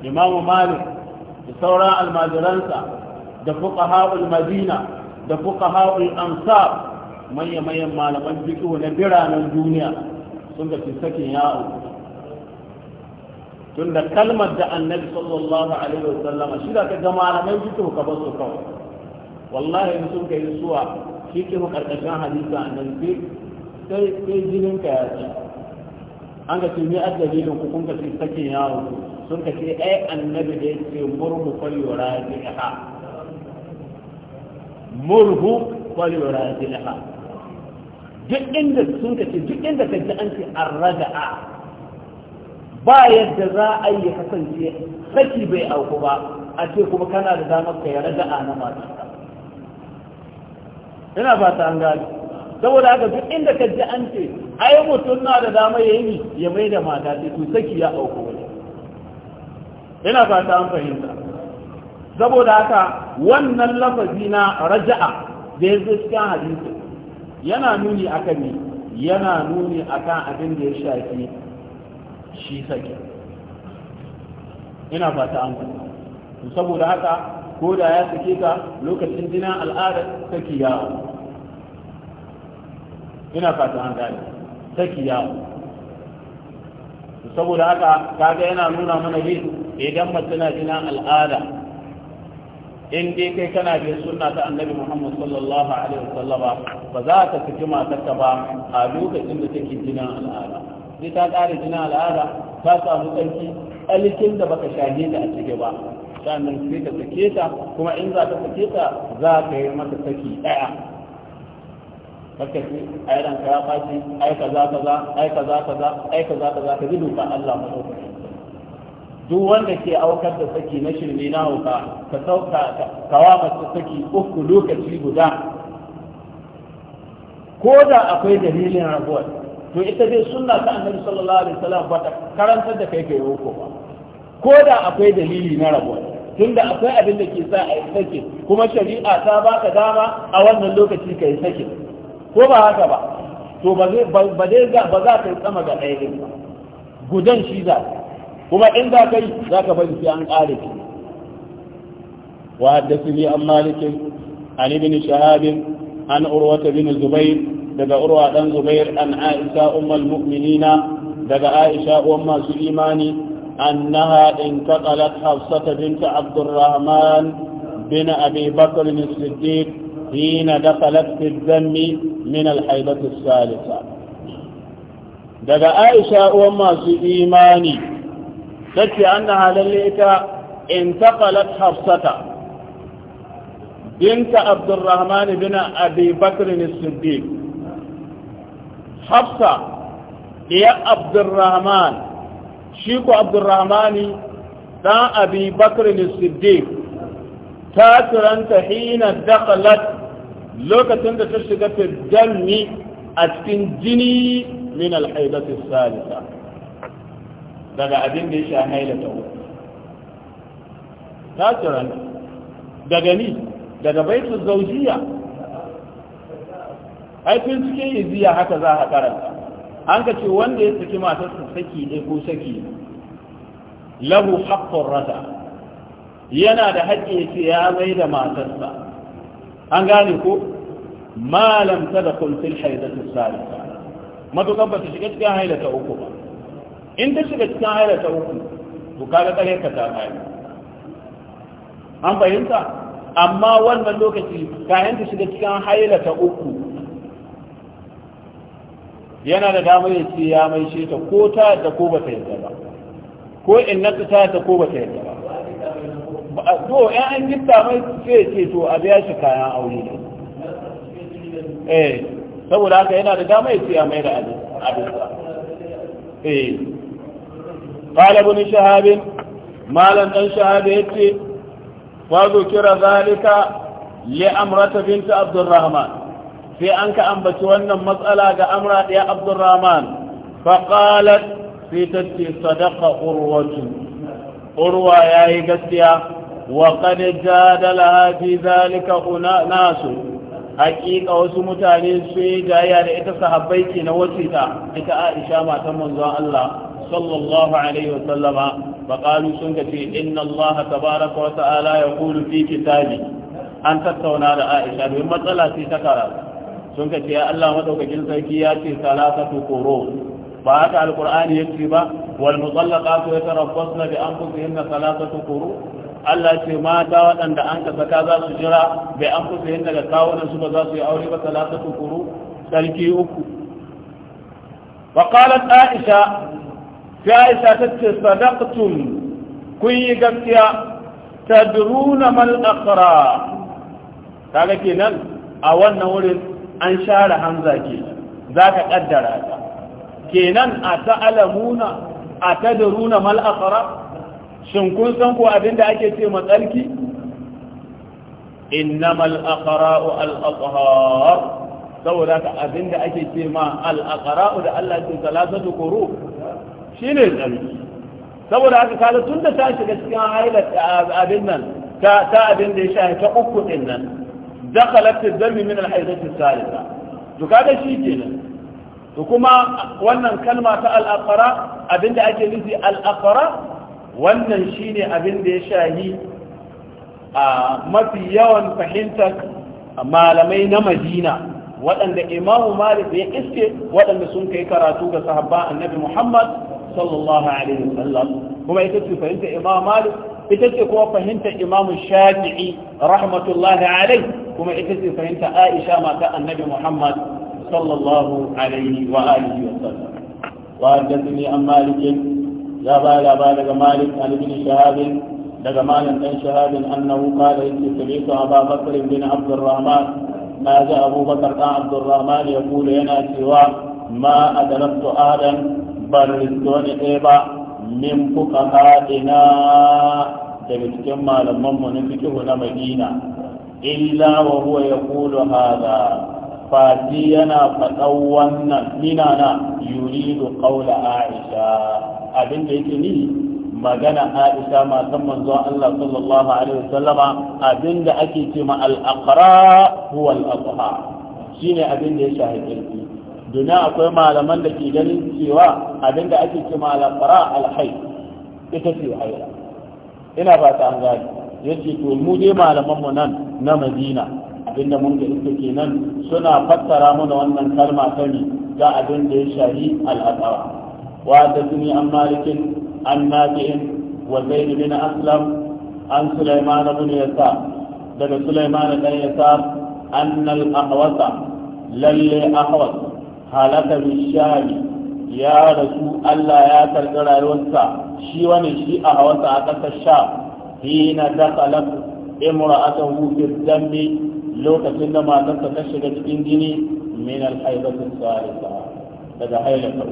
إمام مالك بصوراء المادرنسة دفقها المدينة دفقها الأنصار مي مي مال من بكو نبران الدنيا سنجة سكي ياهو تند كلمة دع النبي صلى الله عليه وسلم شيدا كجمال ما يجتوه كبسوكو والله يسوم كيسوا شيكه كرتشان حديثا عن النبي كي كي جنين كياتي أنك تمي أدى جيلو كونك تستكي ياهو sun ka ce ai annabi da yake murhu falyura zilha murhu falyura zilha duk inda sun ka ce duk inda kaji an ce arrada'a ba yadda za a yi kasance saki bai auku ba a ce kuma kana da damar ka yi rada'a na mata ina ba ta an gani saboda haka duk inda kaji an ce ai mutum na da damar ya yi ya mai da mata sai to saki ya auku wani ina ba ta an fahimta saboda haka wannan lafazi na raja'a da ya cikin hadisi yana nuni akan ne yana nuni akan abin da ya shafi shi sake ina ba ta an fahimta saboda haka ko da ya sake ka lokacin jinin al'ada take yawo ina fata an gane take yawo saboda haka kaga yana nuna mana yin idan mace na jina al'ada in dai kai kana bin sunna ta annabi Muhammad sallallahu alaihi wasallama ba za ka fiti matarka ba a lokacin da take jina al'ada sai ta ƙara jina al'ada ta samu tsarki alkin da baka shahe ta a cike ba sannan sai ka sake ta kuma in za ka sake ta za ka yi mata saki ɗaya kake ce ai ranka ya fashi ai kaza kaza ai kaza kaza ai kaza kaza ka ji duka Allah madaukaki duk wanda ke aukar da saki na shirme na hauka ka sauka kawa masu saki uku lokaci guda ko da akwai dalilin rabuwar to ita dai sunna ta annabi sallallahu alaihi wasallam ba ta karantar da kai kai roko ba ko da akwai dalili na rabuwar tunda akwai abin da ke sa a yi sakin kuma shari'a ta ba ka dama a wannan lokaci ka yi sakin ko ba haka ba to ba ba za ka yi sama ga ɗaya ba gudan shi za ka kuma inda kai zaka yi za an ƙare ki wa haddathani an malik an ibn shahab an urwa bin zubair daga urwa dan zubair an aisha umm al mu'minina daga aisha uwan masu imani أنها انتقلت حفصة بنت عبد bin بن أبي بكر الصديق حين دخلت في الذم من الحيضة الثالثة دقى عائشة وما في إيماني tace annaha lalle ita intaqalat hafsata binta abdurrahman bin abi bakr as-siddiq hafsa ya abdurrahman shi ko abdurrahmani dan abi bakr as-siddiq ta turanta hina dakalat lokacin da ta shiga fi a cikin jini min al salisa daga abin da ya sha haila ta uku ta tsiran daga ni daga baitul zaujiya aikin cikin iziya haka za a karanta an ka ce wanda ya saki matarsa saki ne ko saki lahu haƙƙon rata. yana da haƙƙi ce ya mai da matarsa an gane ko malam ta da kulfin haidatu sarisa matukan ba ta shiga cikin haidata uku ba in ta shiga cikin haila ta uku to kaga tsare ka ta haila an fahimta amma wannan lokaci kayan ta shiga cikin haila ta uku yana da damar ya ce ya mai ta ko ta da ko ba ta yadda ba ko in na ta da ko ba ta yadda ba to in an gifta mai sai ce to a biya shi kayan aure ne eh saboda haka yana da damar ya ce ya mai da abin abin eh قال ابن شهاب مالا دان شهاب يتي وذكر ذلك لأمرة بنت عبد الرحمن في أنك أنبت وأن مسألة أمرة يا عبد الرحمن فقالت في تتي صدق أروة أروة يا إيقسيا وقد جادلها في ذلك ناس hakika wasu mutane su yi jayya da ita sahabbai ke na wasita ita aisha matan manzon Allah صلى الله عليه وسلم فقالوا سنك إن الله تبارك وتعالى يقول في كتابه أن تتونا لآئشة بمطلع تكرر سنك يا الله مدوك جلسكياتي ثلاثة قرون فأتى على القرآن يكتب والمطلقات يتربصن بأنفسهن ثلاثة قرون Allah ce mata waɗanda an ka saka za su jira bai an kusa yin daga kawunan su ba za su yi aure ba talata tukuru sarki uku. Fakalar Aisha sai aisha ta ce kun yi gaskiya tadruna mal aqra kaga kenan a wannan wurin an share hamza ke ka kaddara ta kenan a ta'lamuna a ta duruna malakara? shin kun san ko abinda ake ce matsalki innamal aqra'u al saboda ka abinda ake ce ma al da Allah ya ce salatu koro? ne tsarki saboda haka kaga tun da ta shiga cikin haila abin nan ta abin da ya shahi ta uku din nan dakhalat ad-dami min al-haidati salisa to kaga shi kenan to kuma wannan kalma ta al-aqra da ake nufi al-aqra wannan shine abin da ya shahi a mafi yawan fahimtar malamai na Madina waɗanda imamu malik ya iske waɗanda sun kai karatu ga sahabba annabi muhammad sallallahu alaihi wasallam kuma ita ce fahimta imam malik ita ce kuma fahimta imam shafi'i rahmatullahi alaihi kuma ita ce fahimta aisha mata annabi muhammad sallallahu alaihi wa alihi wasallam wa haddathani an malik ya ba labara daga malik an ibn shahab daga malik dan shahab annahu qala inna sami'tu aba bakr bin abd arrahman ma za abu bakr dan abd arrahman yaqulu yana cewa ma adraktu adam ba ɗaya ba min fuka haɗina daga cikin malamanmu na fikihu na madina illa wa huwa ya kulu haza fati yana faɗan wannan nina na yuridu ƙaula aisha abin da yake ni magana aisha matan manzo Allah sallallahu alaihi wasallama abin da ake ce ma al-aqra huwa al-adha shine abin da ya shahi Duniya akwai malaman da ke ganin cewa abinda ake ce malafara alhai ita ce haila ina ba ta an ya ce to mu dai malamanmu nan na madina abinda mun ga ita kenan suna fassara mana wannan kalma ta ne ga abin da ya shari al'asara wa da suni an malikin an nafi'in wa zaid bin aslam an sulaiman ibn yasa daga sulaiman dan yasa annal ahwasa lalle ahwasa halaka bishari ya rasu Allah ya karɓi rayuwarsa shi wani shi a hawarsa a ƙasar sha hina a imra'atuhu fi dambi lokacin da matarsa ta shiga cikin jini min al-haibati salisa daga hailata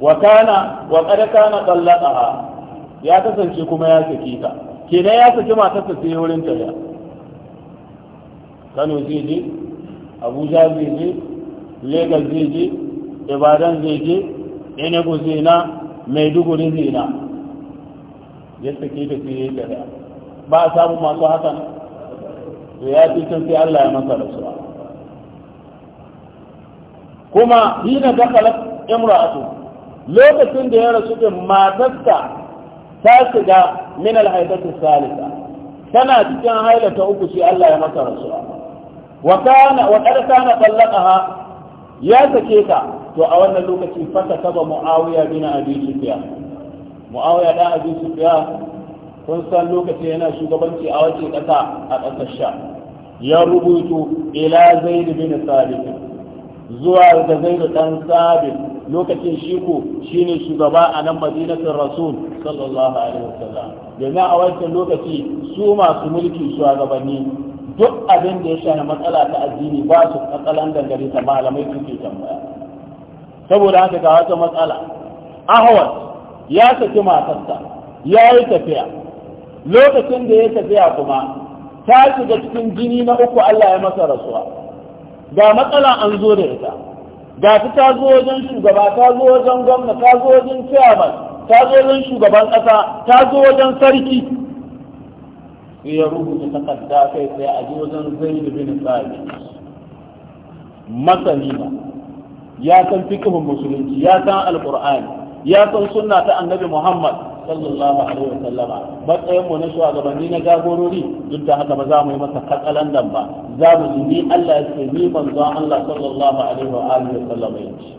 wa kana wa qad kana tallaqaha ya kasance kuma ya saki ta kenan ya saki matarsa sai wurin ta ya kano zai je abuja zai je lagos zai je ibadan zai je enugu zai na maiduguri zai na ya sake da fiye da ya ba a samu masu hakan da ya fi sun sai allah ya masa rasuwa kuma yi na dakalar imra'atu lokacin da ya rasu din matasta ta shiga min alhaidatu salisa tana cikin haila ta uku shi Allah ya masa rasuwa wa kana na qad ha? ya sake ta to a wannan lokaci fata taba muawiya bin abi sufyan muawiya da abi sufyan kun san lokaci yana shugabanci a wace kasa a kasar sha ya rubutu ila zaid bin sabit zuwa ga zaid dan sabit lokacin shi ko shine shugaba a nan madinatul rasul sallallahu alaihi wasallam yanzu a wancan lokaci su masu mulki shugabanni duk abin da ya na matsala ta addini ba su matsalan dangane ta malamai suke tambaya saboda haka ga wata matsala ahwat ya saki matarsa ya yi tafiya lokacin da ya tafiya kuma ta shiga cikin jini na uku Allah ya masa rasuwa ga matsala an zo da ita ga ta zo wajen shugaba ta zo wajen gwamna ta zo wajen chairman ta zo wajen shugaban ƙasa ta zo wajen sarki sai ya rubuta takarda kai sai a wajen da bin sabit masani ba ya san fikihun musulunci ya san alqur'ani ya san sunna ta annabi muhammad sallallahu alaihi wasallam matsayin mu na shugabanni na jagorori duk da haka ba za mu yi masa katsalandan ba za mu ji ni Allah ya ce ni manzon Allah sallallahu alaihi wa alihi wasallam ya ce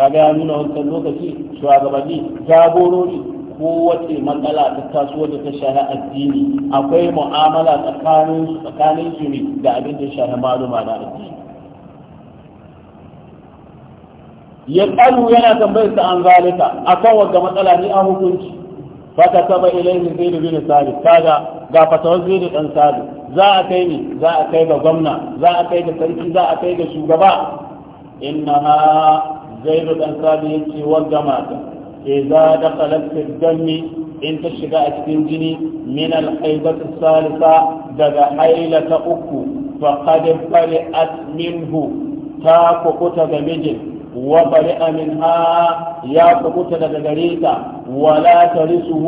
kaga ya nuna wancan lokaci shugabanni jagorori wace matsala ta taso da ta shahi addini akwai mu'amala tsakanin tsakanin su ne da abin da shahi maluma na addini ya kalu yana tambayar sa an zalika akan wanda matsala ni an hukunci fata saba ilaihi zaidu bin sabit kaga ga fatawar zaidu dan sabit za a kai ni za a kai ga gwamna za a kai ga sarki za a kai ga shugaba innaha zaidu dan sabit yake wanda mata إذا دخلت في الدم إن تشبع السنجني من الحيضة الثالثة دغ حيلة أكو فقد فرئت منه تاكوكوتا مجل وبرئ منها يا كوكوتا دغريتا ولا ترسه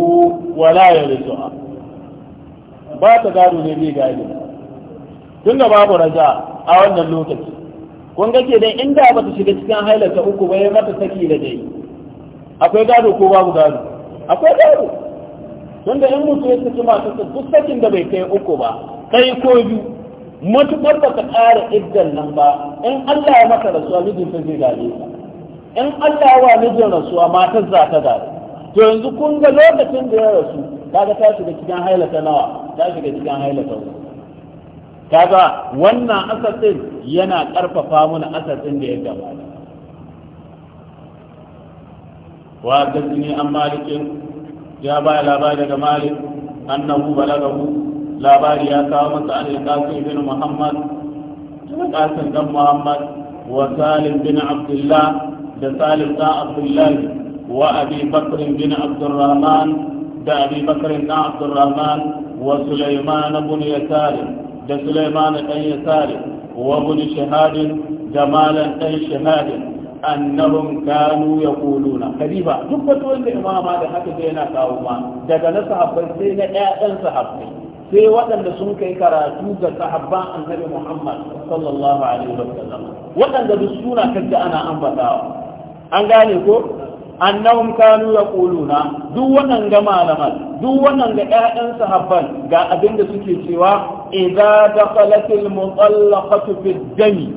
ولا يرسها بات دارو نبي ne zai gado رجاء da اللوتك raja a إن دابت kun ga ke dan inda ba ta akwai gado ko babu gado akwai gado tunda in mutu ya saki masu duk sakin da bai kai uku ba kai ko biyu matuƙar ba ka ƙara iddan nan ba in Allah ya maka rasuwa mijinta zai gare ka in Allah ya wa mijin rasuwa matar za ta gare to yanzu kun ga lokacin da ya rasu kaga ta shiga cikin hailata nawa ta shiga cikin hailata uku kaga wannan asasin yana ƙarfafa mana asasin da ya gabata wa gazni an malikin ya ba labari daga malik annahu balagahu labari ya kawo masa an alqasim bin muhammad da qasim dan muhammad wa salim bin abdullah da salim ɗan abdullah wa abi bakr bin abdurrahman da abi bakr dan abdurrahman wa sulaiman bin yasar da wa bin shahadin da malan annahum kanu yaquluna khalifa duk wata wanda imama da haka sai yana kawo ma daga na sahabbai sai na ƴaƴan sahabbai sai waɗanda sun kai karatu ga sahabban annabi Muhammad sallallahu alaihi wa sallam waɗanda duk suna kaji ana ambatawa an gane ko annahum kanu yaquluna duk wannan ga malaman duk wannan ga ƴaƴan sahabban ga abinda da suke cewa idza daqalatil mutallaqatu fid dami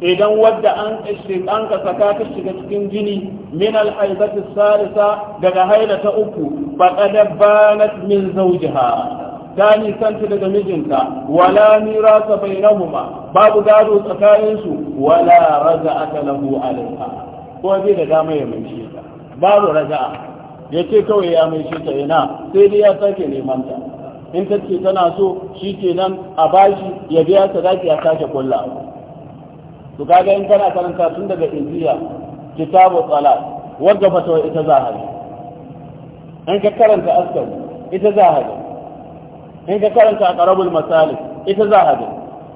idan wadda an an ka saka ta shiga cikin jini min alhaizati salisa daga haila ta uku faqad banat min zawjiha ta nisanta daga mijinta wala mirasa bainahuma babu gado tsakaninsu wala raza'ata lahu alaiha ko bai da dama ya mai babu raza'a yace kawai ya mai shi ta ina sai dai ya sake neman ta in ta ce tana so shi kenan a bashi ya biya sadaki ya sake kullawa to kaga in kana karanta tun daga injiya kitabu tsala wadda fatawa ita zahari in ka karanta askar ita zahari in ka karanta a karabul masalik ita zahari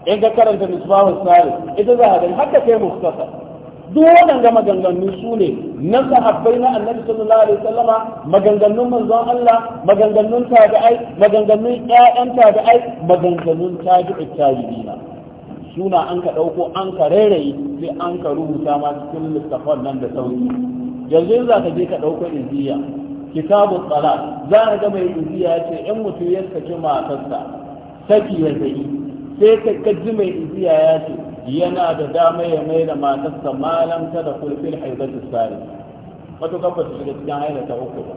in ka karanta misbahus salih ita zahari haka kai muktasar duk waɗanda maganganu su ne na sahabbai na annabi sallallahu alaihi wasallama maganganun manzon Allah maganganun tabi'ai maganganun ƴaƴan tabi'ai maganganun tabi'i tabi'ina suna an ka ɗauko an ka rairayi sai an ka rubuta ma cikin littafan nan da sauki yanzu za ka je ka ɗauko injiya Kitabun tsala za ka ga mai injiya ya ce in mutum ya saki matarsa saki ya zai sai ka kaji mai injiya ya ce yana da dama ya mai da matarsa malam ta da kulfil haibatu sari wato kan su shiga cikin haila ta uku ba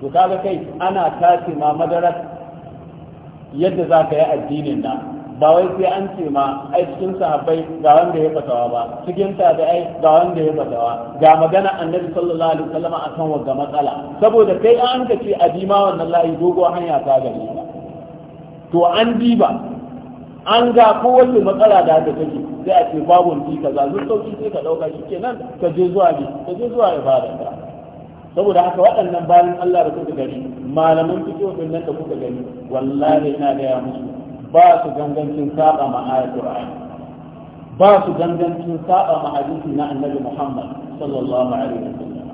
to kaga kai ana ma madarar yadda za ka yi addinin na ba wai sai an ce ma ai cikin sahabbai ga wanda ya fatawa ba cikin ai ga wanda ya fatawa ga magana annabi sallallahu alaihi wasallam akan wanda matsala saboda kai an ka ce adima wannan layi dogo hanya ta gare ka to an diba an ga ko kowace matsala da ta take sai a ce babu ni kaza zan sauki sai ka dauka kenan ka je zuwa ne ka je zuwa ibada ka saboda haka waɗannan bayan Allah da kuka gani malaman fiqh ɗin nan da kuka gani wallahi ina gaya ya musu ba su gangancin saba ma ayatul qur'ani ba su gangancin saba ma hadisi na annabi Muhammad sallallahu alaihi wasallam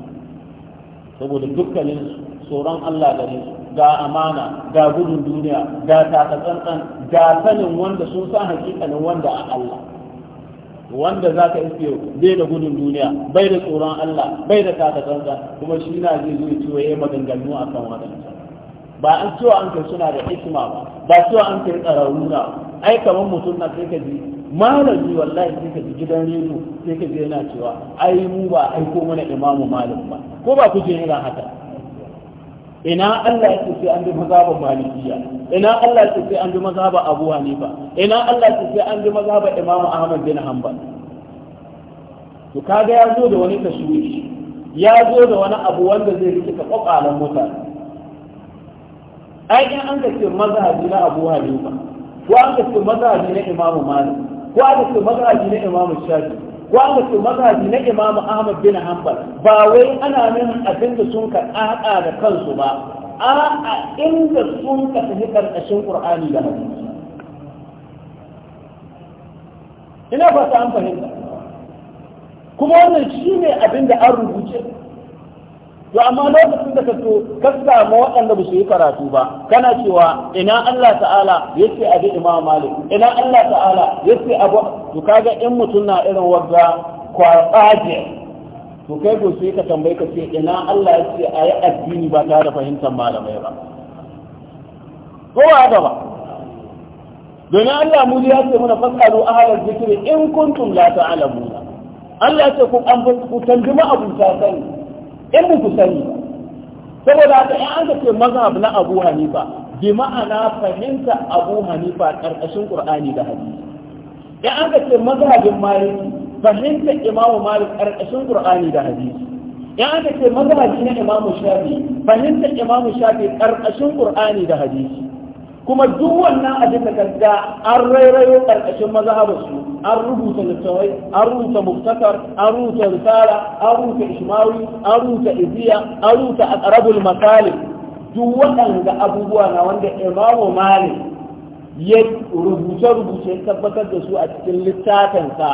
saboda dukkanin tsoron Allah gare su ga amana ga gudun duniya ga takatsantsan ga sanin wanda sun san hakikanin wanda a Allah wanda za ka iske bai da gudun duniya bai da tsoron Allah bai da takatsantsan kuma shi na zai zo ya ciwo ya maganganu a kan waɗansa ba an cewa an kai suna da hikima ba ba cewa an kai ba ai kamar mutum na sai ka ji malami wallahi sai ka ji gidan rediyo sai ka ji yana cewa ai mu ba aiko mana imamu malam ba ko ba ku je yana haka ina Allah ya sai an bi mazhaban malikiya ina Allah ya sai an bi mazhaban Abu Hanifa ina Allah ya sai an bi mazhaban Imam Ahmad bin Hanbal to kaga ya zo da wani tashwishi ya zo da wani abu wanda zai rike ka kokalan mutane ai in an ka ce mazhabi na Abu Hanifa ko an ka ce mazhabi na Imam Malik ko an ka ce mazhabi na Imam Shafi ko an ka ce mazhabi na Imam Ahmad bin Hanbal ba wai ana nan abin da sun ka ƙaƙa da kansu ba a inda sun ka tafi ƙarƙashin Qur'ani da hadisi ina fata an fahimta kuma wannan shine abin da an rubuce to amma lokacin da ka so ka samu waɗanda ba su yi karatu ba kana cewa ina Allah ta'ala ce a bi Imam Malik ina Allah ta'ala ya a abu to kaga in mutum na irin wanda kwarbaje to kai ko sai ka tambayi ka ce ina Allah ce a yi addini ba tare da fahimtar malamai ba ko ba haka ba domin Allah mu ya ce muna fasalu ahlal zikri in kuntum la ta'lamuna Allah ya ce ku an ku tambi abun ta sani in ba ku sani saboda haka in an ce mazhab na Abu Hanifa bi ma'ana fahimta Abu Hanifa karkashin Qur'ani da hadisi in an ce mazhabin Maliki fahimta Imam Malik karkashin Qur'ani da hadisi in an ce mazhabi na Imam Shafi fahimta Imam Shafi karkashin Qur'ani da hadisi kuma duk wannan abin da an rairayo karkashin mazhabarsu an rubuta littawai an rubuta muftakar an rubuta risala an rubuta ishmawi an rubuta iziya an rubuta aqrabul masalih duk waɗanda abubuwa na wanda imamu malik ya rubuce rubuce tabbatar da su a cikin littafinsa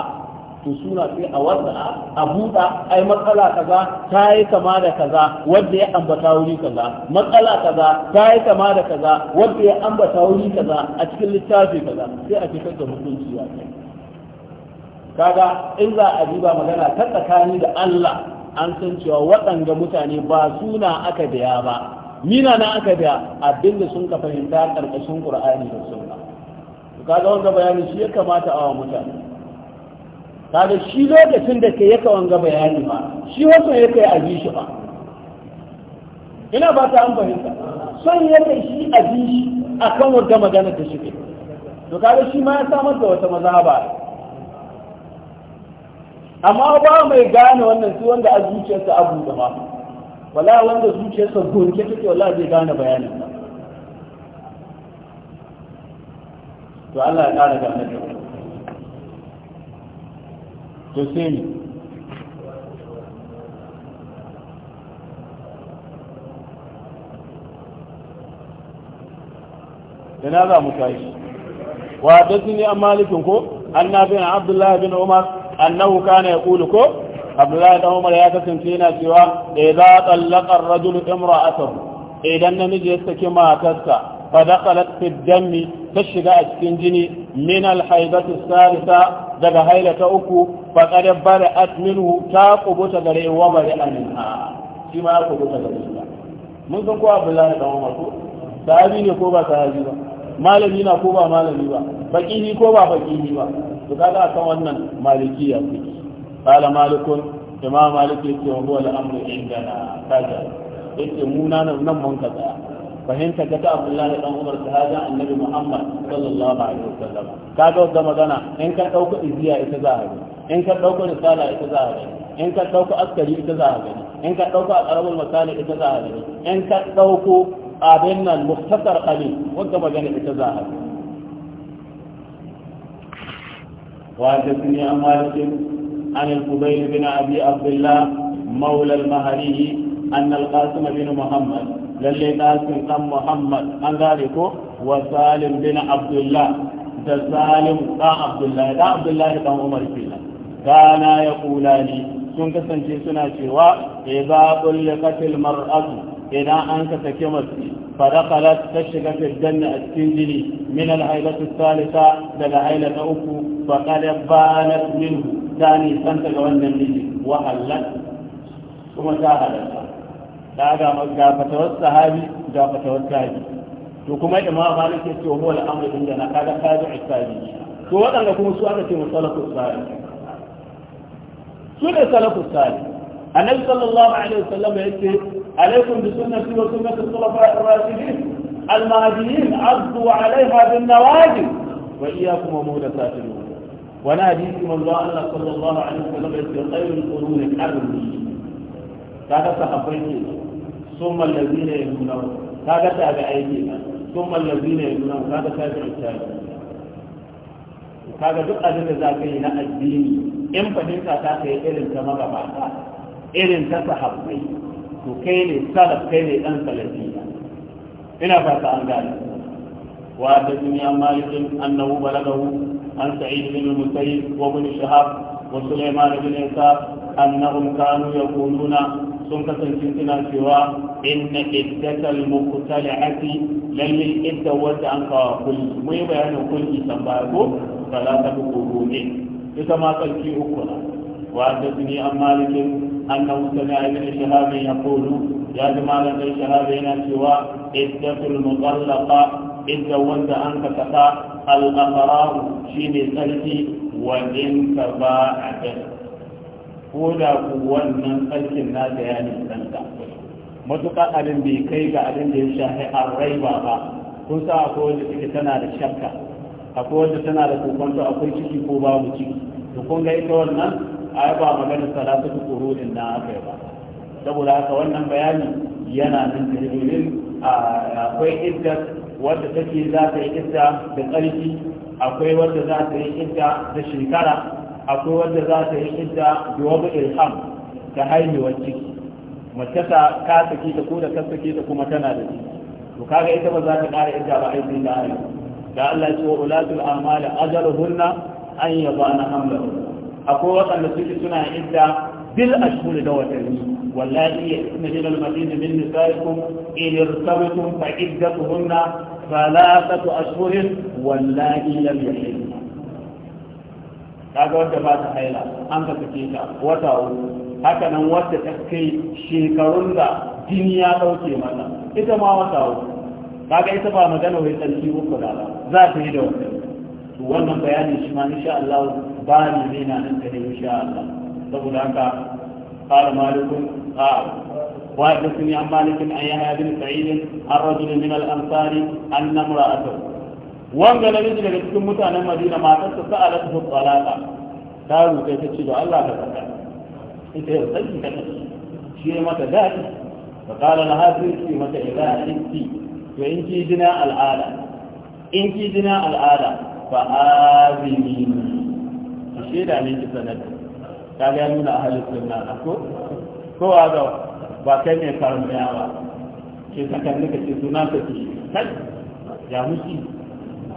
to suna sai a wasa a buɗa ai matsala kaza ta yi kama da kaza wanda ya ambata wuri kaza matsala kaza ta yi kama da kaza wanda ya ambata wuri kaza a cikin littafi kaza sai a fitar da hukunci ya kai kaga in za a ba magana ta tsakani da Allah an san cewa waɗanda mutane ba suna aka biya ba mina na aka biya abinda sun ka fahimta ƙarƙashin ƙur'ani da sunna kaga wanda bayani shi ya kamata a wa mutane kada shi lokacin da ke yaka wanga bayani ba shi wasu ya kai abin shi ba ina ba ta an fahimta son ya shi abin shi a kan wata magana ta shi to kada shi ma ya samar da wata ba amma ba mai gane wannan su wanda a zuciyarsa abu da ba wala wanda zuciyarsa gonke take wala zai gane bayanin ba to Allah ya kara gane da to sai ne ina za mu tashi wa dasini an malikin ko annabi abdullahi bin umar annahu kana yaqulu ko abdullahi dan umar ya kasance yana cewa idza talaqa ar-rajulu imra'atahu idan namiji ya saki matarsa fa dakhalat fi dami ta shiga a cikin jini min al-haidatu salisa daga haila ta uku faƙar bari atminu ta kubuta gare wa bari aminha shi ma ya kubuta gare shi mun san kowa abdullahi dan umar ko sahabi ne ko ba sahabi ba malami na ko ba malami ba faqihi ko ba faqihi ba to kaga akan wannan ya fi. qala malikun imam malik yace wa huwa al-amru indana kaza yace mu nan nan mun ka tsaya fahimta ta abdullahi dan umar sahaja annabi muhammad sallallahu alaihi wasallam kaga wannan magana in ka dauka iziya ita za a yi in ka ɗauko risala ita za a gani in ka ɗauko askari ita za a gani in ka ɗauko al'arabul misali ita za a gani in ka ɗauko abin nan muftasar ali wanda magana ita za a gani وحدثني عن مالك عن الفضيل بن ابي عبد الله مولى المهري ان القاسم بن محمد للي قاسم بن محمد عن ذلك وسالم بن عبد الله ده سالم ده عبد الله ده عبد الله بن عمر فيه kana ya kula sun kasance suna cewa ya za ƙulle katil mar'atu idan an ka sake masu fadakalat ta shiga firdanna a cikin jini min alhailatu salisa daga haila ta uku ba kada na minhu ta nisanta ga wannan miji wa kuma ta halarta ta ga fatawar sahabi ga fatawar to kuma imam malik ya ce huwa al'amru da na kada kaji isabi to waɗanda kuma su aka ce musalatu sahabi su ne salafus salih annabi sallallahu alaihi wasallam ya ce alaikum bi sunnati wa sunnati al-khulafa'ir rashidin al-mahdiyyin addu 'alayha bin nawajib wa iyyakum wa muhdathatil umur wa hadisi manzo Allah sallallahu alaihi wasallam ya ce khairul quruni qarni kaga sahabbai ne summa allazina yununa kaga tabi'ai ne summa allazina yununa kaga tabi'ai kaga duk abin da za ka yi na addini in fahimta ta kai irin ta magabata irin ta sahabbai to kai ne salaf kai ne dan salafiya ina fata an gane wa da duniya malikin annahu balagahu an sa'id bin musayyib wa bin shahab wa sulaiman bin isa annahum kanu yaquluna sun kasance suna cewa inna iddatal muqtali'ati lallil idda wata an kawo kulli Mu yi bayanin kulli san ko ثلاثة قرون إذا ما تلقي أخرى وحدثني عن مالك أنه سمع ابن شهاب يقول يا جماعة ابن شهاب هنا سوى عدة المطلقة إذا وانت أنت كفى الأقرار شين سلسي وإن تباعت كودا قوانا سلسي الناس يعني سلسة matuƙa abin bai kai ga abin da ya shafi arrai ba ba kun sa ko da suke tana da shakka akwai wanda tana da kokonto akwai ciki ko babu ciki to kun ga ita wannan ai ba magana salatu din na aka ba saboda haka wannan bayani yana nan da domin akwai idda wadda take za ta yi idda da ƙarfi akwai wadda za ta yi idda da shekara akwai wadda za ta yi idda da wani ilham ta haihuwar ciki mace ta ka saki ta ko da ka saki ta kuma tana da ciki to kaga ita ba za ta ƙara idda ba aikin da haihuwa da Allah ya ce wa ulatul amali ajaluhunna an yabana hamlahu akwai waɗanda suke suna idda bil ashhur da watanni wallahi yasna ila al-madina min nisaikum in irtabtum fa iddatuhunna thalathatu ashhurin wallahi lam yahid kaga wanda ba ta haila an ka kace ta wata uku haka nan wanda ta kai shekarun da jini ya dauke mata ita ma wata uku kaga ita ba magana wai tsarki uku da ba za ta yi da wannan to wannan bayanin shi ma insha Allah ba ni ne na nan kare insha Allah saboda haka qala malikun a wa hadathani an malikin an yahya bin sa'id an rajul min al ansari an imra'atu wanda na miji daga cikin mutanen Madina matarsa sa'alat hu talaqa ta rubuta ta ce da Allah ka saka ita yau sai ka shi ne mata dadi فقال لها تنسي متى إذا أنت to in ki jina al'ada in ki jina al'ada fa azini she da ne ki sanar ta ga nuna ahalin sunna ko Ko a da ba kai ne karmiya ba ke sakanni ka ce suna ka ce kai ya mushi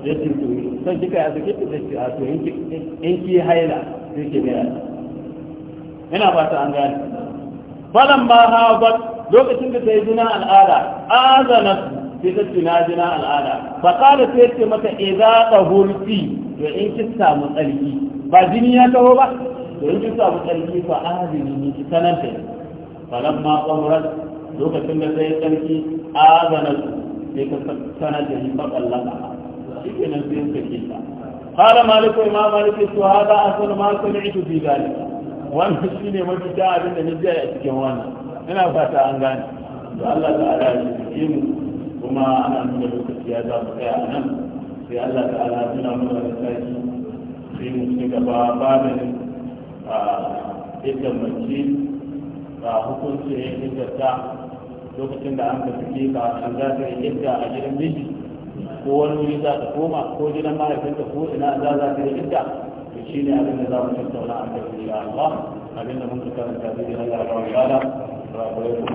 ya ce to sai kika ya sake ta ce a to in ki haila sai ki gaya ina ba ta an gani. falan ba ha lokacin da ta yi jina al'ada azanatu sai ta ce na ji na al'ada fa qala sai ce mata idza tahurti to in ki samu tsarki ba jini ya taho ba to in ki samu tsarki fa azini ni ki sanar da falamma qamrat lokacin da sai tsarki azana sai ka sanar da ni fa kallaka shi kenan sai ka ke ta qala maliku imam maliki to hada asal ma sami'tu fi dalika wannan shine mafi ta abin da ni ji a cikin wannan ina fata an gane to Allah ta'ala ya yi mu kuma ana nuna lokaci ya za mu kai a nan sai Allah ta'ala nuna mana da sai sai mu ci gaba ba da a yadda mace a hukunci ya yi lokacin da an ka fike ka an za ta yi yadda a gidan miji ko wani wuri za ta koma ko gidan mahaifinta ko ina za za ta yi yadda to shi ne abin da za mu tattauna a kan insha Allah abin da mun ka karanta zai Allah ya ba mu